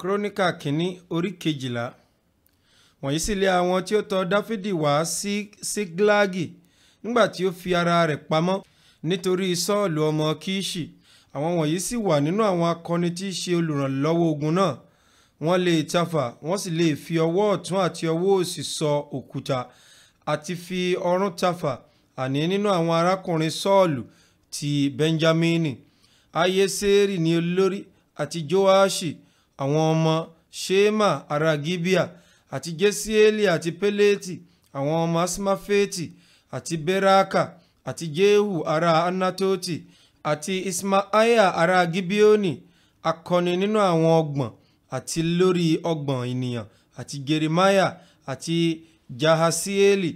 kíróníkà kínní orí kejìlá wọ̀nyí sì lé àwọn tí ó tọ̀ dáfídì wá sí sígláàgì nígbà tí ó fi ara rẹ̀ pamọ́ nítorí sọ́ọ̀lù ọmọ kíṣì àwọn wọ̀nyí sì wà nínú àwọn akọni tí í ṣe olùrànlọ́wọ́ ogun náà wọ́n lè tafà wọ́n sì lè fi ọwọ́ ọ̀tún àti ọwọ́ òsì sọ òkúta àti fi ọrún tafà àní nínú àwọn arákùnrin sọ́ọ̀lù ti benjamini ayeseri ni olórí àti joashi àwọn ọmọ shema ará gibea àti jesieli àti peleti àwọn ọmọ asmafeti àti beraka àti jehu Ara anatoti àti Ismaaya ará gibeoni akọni nínú àwọn ọgbọ̀n àti lórí ọgbọ̀n ènìyàn àti jeremiah àti jahasieli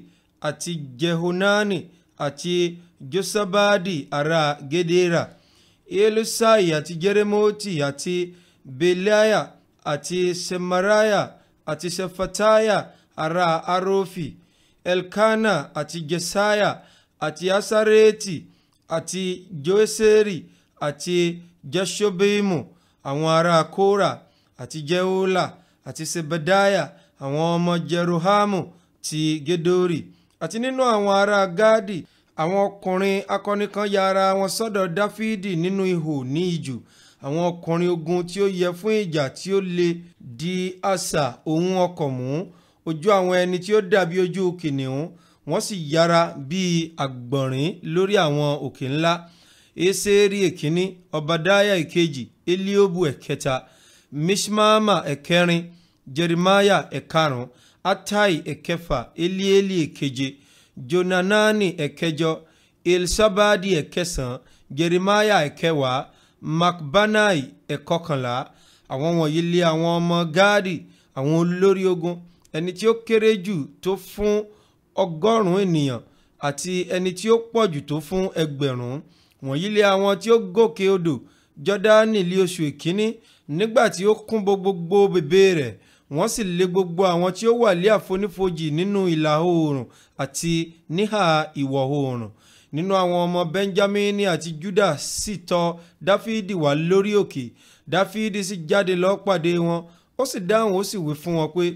àti jehonani àti josabadi Ara gedera elusai àti jeremoti àti beliaya àti semariah àti sefatiah ara arofi elkana àti jesaiah àti asareti àti joeseri àti jeshobeimu àwọn ará kora àti jehola àti sebedaya àwọn ọmọ jerohamu ti gedori àti nínú àwọn ará gadi àwọn ọkùnrin akọni kan ya ara wọn sọ́dọ̀ dáfídì nínú ihò ní ijù àwọn ọkùnrin ogun tí ó yẹ fún ìjà tí ó le di àṣà òun ọkọ̀ mú ojú àwọn ẹni tí ó dàbí ojú kìnìún wọ́n sì yára bíi àgbọ̀nrín lórí àwọn òkè ńlá eseri èkíní ọbadaya èkejì eliobu ẹ̀kẹta mishmama ẹ̀kẹrin jeremiah ẹ̀karùn atai ẹ̀kẹfà elieli ẹ̀keje jonanani ẹ̀kẹjọ elsabadi ẹ̀kẹsàn jeremiah ẹ̀kẹwàá macbanai ẹ̀kọkànlá àwọn wọ̀nyí lé àwọn ọmọ gáàdì àwọn olórí ogun ẹni tí ó kéré jù tó fún ọgọ́rùn-ún ènìyàn àti ẹni tí ó pọ̀ jù tó fún ẹgbẹ̀rún wọ̀nyí lé àwọn tí ó gòkè odò jọ́dánì lé oṣù ìkíní nígbà tí ó kún gbogbo bèbè rẹ̀ wọ́n sì lé gbogbo àwọn tí ó wà lé àfonífojì nínú ìlà oòrùn àti níhà ìwọ̀ oòrùn nínú àwọn ọmọ benjamini àti juda sì tọ dáfídì wá lórí òkè dáfídì sì jáde lọ pàdé wọn ó sì dáhùn ó sì wí fún wọn pé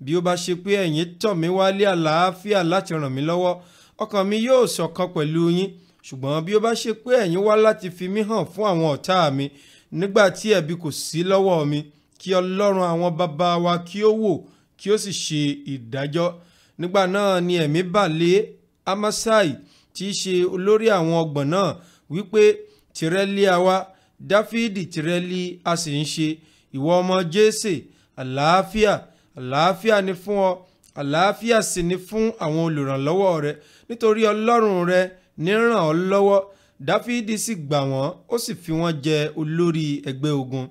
bí ó bá ṣe pé ẹ̀yin tọ̀ mí wálé àlàáfíà láti ràn mí lọ́wọ́ ọkàn mi yóò ṣọ̀kan pẹ̀lú yín ṣùgbọ́n bí ó bá ṣe pé ẹ̀yin wá láti fi mí hàn fún àwọn ọ̀tá mi nígbà tí ẹ̀bi kò sí lọ́wọ́ mi kí ọlọ́run àwọn bàbá wa kí ó wò kí ó sì ṣe ìdájọ́ nígbà náà ni ẹ̀mí bà lé amasai tí í ṣe olórí àwọn ọgbọ̀n náà wípé tìrẹ lé àwa dáfídì tìrẹ lé e, a sì ń ṣe ìwọ ọmọ jésè àlàáfíà àlàáfíà ni fún ọ àlàáfíà sì ni fún àwọn olùrànlọ́wọ́ rẹ nítorí ọlọ́run rẹ ní ràn ọ́ lọ́wọ́ dáfídì sì gbà wọ́n ó sì fi wọ́n jẹ olórí ẹgbẹ́ ogun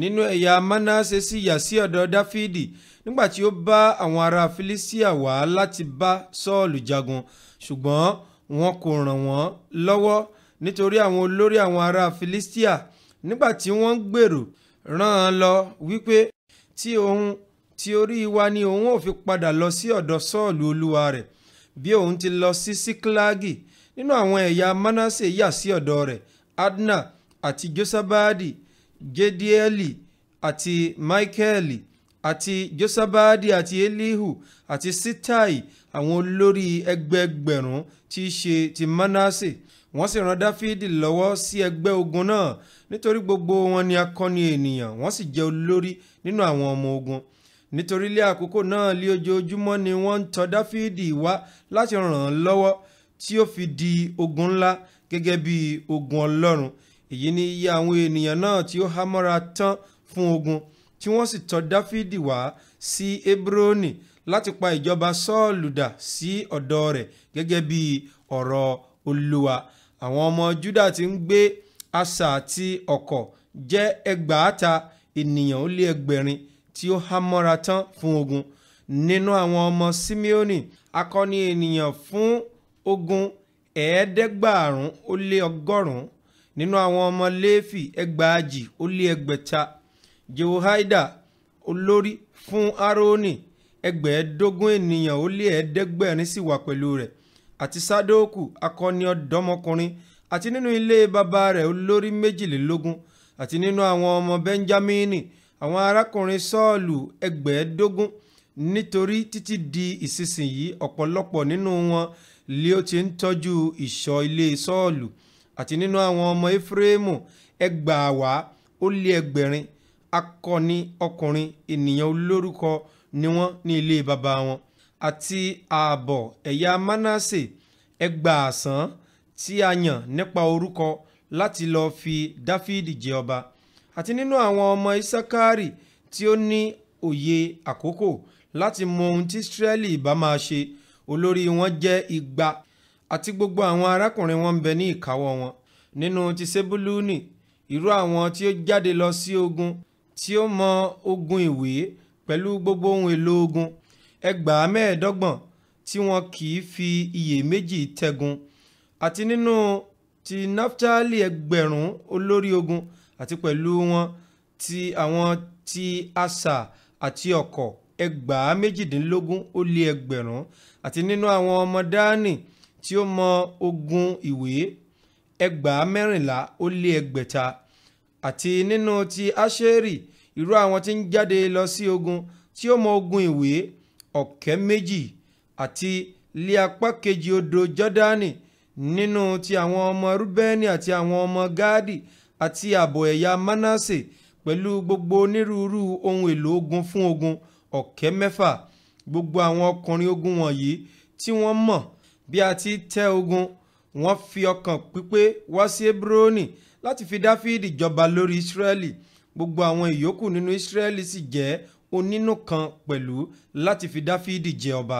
nínú ẹ̀yà manase sì yà sí ọ̀dọ̀ dáfídì nígbà tí ó bá àwọn ará filistia wá láti bá sọ́ọ̀lù jagun ṣùgbọ́n wọn kò ràn wọ́n lọ́wọ́ nítorí àwọn olórí àwọn ará Filistia nígbà tí wọ́n ń gbèrò rán an lọ wípé tí òun tí orí wa ni òun ò fi padà lọ sí ọ̀dọ̀ Sọ́ọ̀lù olúwa rẹ̀ bí òun ti lọ sí Síkílágì nínú àwọn ẹ̀yà Manase yà sí ọ̀dọ̀ rẹ̀ Adna àti Josabadi Gedieli àti Michaeli àti josabadi àti elihu àti sitai àwọn olórí ẹgbẹẹgbẹ̀rún tí í ṣe ti manase wọ́n sì rán dáfídì lọ́wọ́ sí ẹgbẹ́ ogun náà nítorí gbogbo wọn ni akọni ènìyàn wọ́n sì jẹ́ olórí nínú àwọn ọmọ ogun nítorí lé àkókò náà lé ojoojúmọ́ ni wọ́n ń tọ̀ dáfídì wá láti ràn án lọ́wọ́ tí ó fi di ogun ńlá gẹ́gẹ́ bí ogun ọlọ́run èyí ni iye àwọn ènìyàn náà tí ó há mọ́ra tán fún ogun tí wọ́n sì tọ̀ dáfídì wá sí hebroni láti pa ìjọba sọ́ọ̀lù dà sí ọ̀dọ̀ rẹ̀ gẹ́gẹ́ bí ọ̀rọ̀ olúwa àwọn ọmọ juda ti ń gbé asà àti ọ̀kọ̀ jẹ́ ẹgbàáta ènìyàn ó lé ẹgbẹ̀rin tí ó há mọ́ra tán fún ogun nínú àwọn ọmọ simeoni akọni ènìyàn fún ogun ẹ̀ẹ́dẹ́gbàárún ó lé ọgọ́rùn-ún nínú àwọn ọmọ léfì ẹgbàájì ó lé ẹgbẹ̀ta jehoiada olórí fún aaroni ẹgbẹ̀ẹ́dógún ènìyàn ó lé ẹ̀ẹ́dẹ́gbẹ̀rin sì wà pẹ̀lú rẹ̀ àti sadoku akọni ọ̀dọ́mọkùnrin àti nínú ilé baba rẹ̀ olórí méjìlélógún àti nínú àwọn ọmọ benjamini àwọn arákùnrin sọ́ọ̀lù ẹgbẹ̀ẹ́dógún nítorí títí di ìsinsìnyí ọ̀pọ̀lọpọ̀ nínú wọn lé ó ti ń tọ́jú ìṣọ́ ilé sọ́ọ̀lù àti nínú àwọn ọmọ efraimu ẹgbàáwá ó lé ẹgbẹ̀rin akọni ọkùnrin ènìyàn olórúkọ ni wọ́n ní ilé baba wọn àti ààbọ̀ ẹ̀yà Mánásè ẹgbàásán tí a yàn nípa orúkọ láti lọ fi Dáfídì jẹ ọba àti nínú àwọn ọmọ Isakari tí ó ní òye àkókò láti mọ ohun tí Israẹli bá máa ṣe olórí wọn jẹ́ igba àti gbogbo àwọn arákùnrin wọn ń bẹ ní ìkáwọ́ wọn nínú ti Sebuluni irú àwọn tí ó jáde lọ sí ogun tí ó mọ ogun ìwé pẹ̀lú gbogbo ohun èlò ogun ẹgbàá mẹ́ẹ̀ẹ́dọ́gbọ̀n tí wọn kì í fi iyèméjì tẹ̀gùn àti nínú ti naftali ẹgbẹ̀rún olórí ogun àti pẹ̀lú wọn ti àwọn ti asà àti ọ̀kọ̀ ẹgbàá méjìdínlógún ó lé ẹgbẹ̀rún àti nínú àwọn ọmọ dání tí ó mọ ogun ìwé ẹgbàá mẹ́rìnlá ó lé ẹgbẹ̀ta àti nínú ti Áṣẹ́rì irú àwọn tí ń jáde lọ sí ogun tí ó mọ ogun ìwé ọ̀kẹ́ méjì àti lé apá kejì odò Jọ́dánì nínú ti àwọn ọmọ Rúbẹ́nì àti àwọn ọmọ Gáàdì àti ààbọ̀ ẹ̀yà Mánásè pẹ̀lú gbogbo onírúurú ohun èlò ogun fún ogun ọ̀kẹ́ mẹ́fà gbogbo àwọn ọkùnrin ogun wọ̀nyí tí wọ́n mọ̀ bí a ti tẹ́ ogun wọ́n fi ọkàn pípé wá sí Hébrónì láti fi dáfídì jọba lórí ìsírẹ́lì gbogbo àwọn ìyókù nínú ìsírẹ́lì sì jẹ́ onínú kan pẹ̀lú láti fi dáfídì jẹ ọba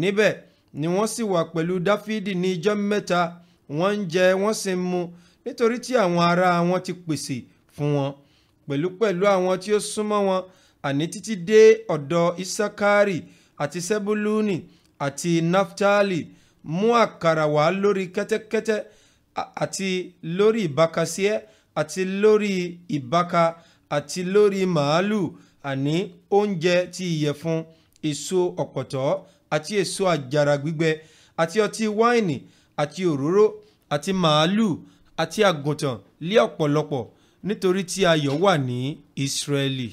níbẹ̀ ni wọ́n sì wà pẹ̀lú dáfídì ní ijọ́ mẹ́ta wọ́n ń jẹ wọ́n sì ń mu nítorí tí àwọn ará wọn ti pèsè fún wọn pẹ̀lúpẹ̀lú àwọn tí ó súnmọ́ wọn àní títí dé ọ̀dọ̀ isakari àti sebuluni àti naftali mú àkàrà wá lórí kẹ́tẹ́kẹ́tẹ́ àti lórí ìbákasíẹ́ àti lórí ìbáka àti lórí màálù àní oúnjẹ ti ìyẹ̀fun èso ọ̀pọ̀tọ́ àti èso àjàrà gbígbẹ àti ọtí wáìnì àti òróró àti màálù àti àgùntàn lé ọ̀pọ̀lọpọ̀ nítorí tí ayọ̀ wà ní Ísírẹ́lì.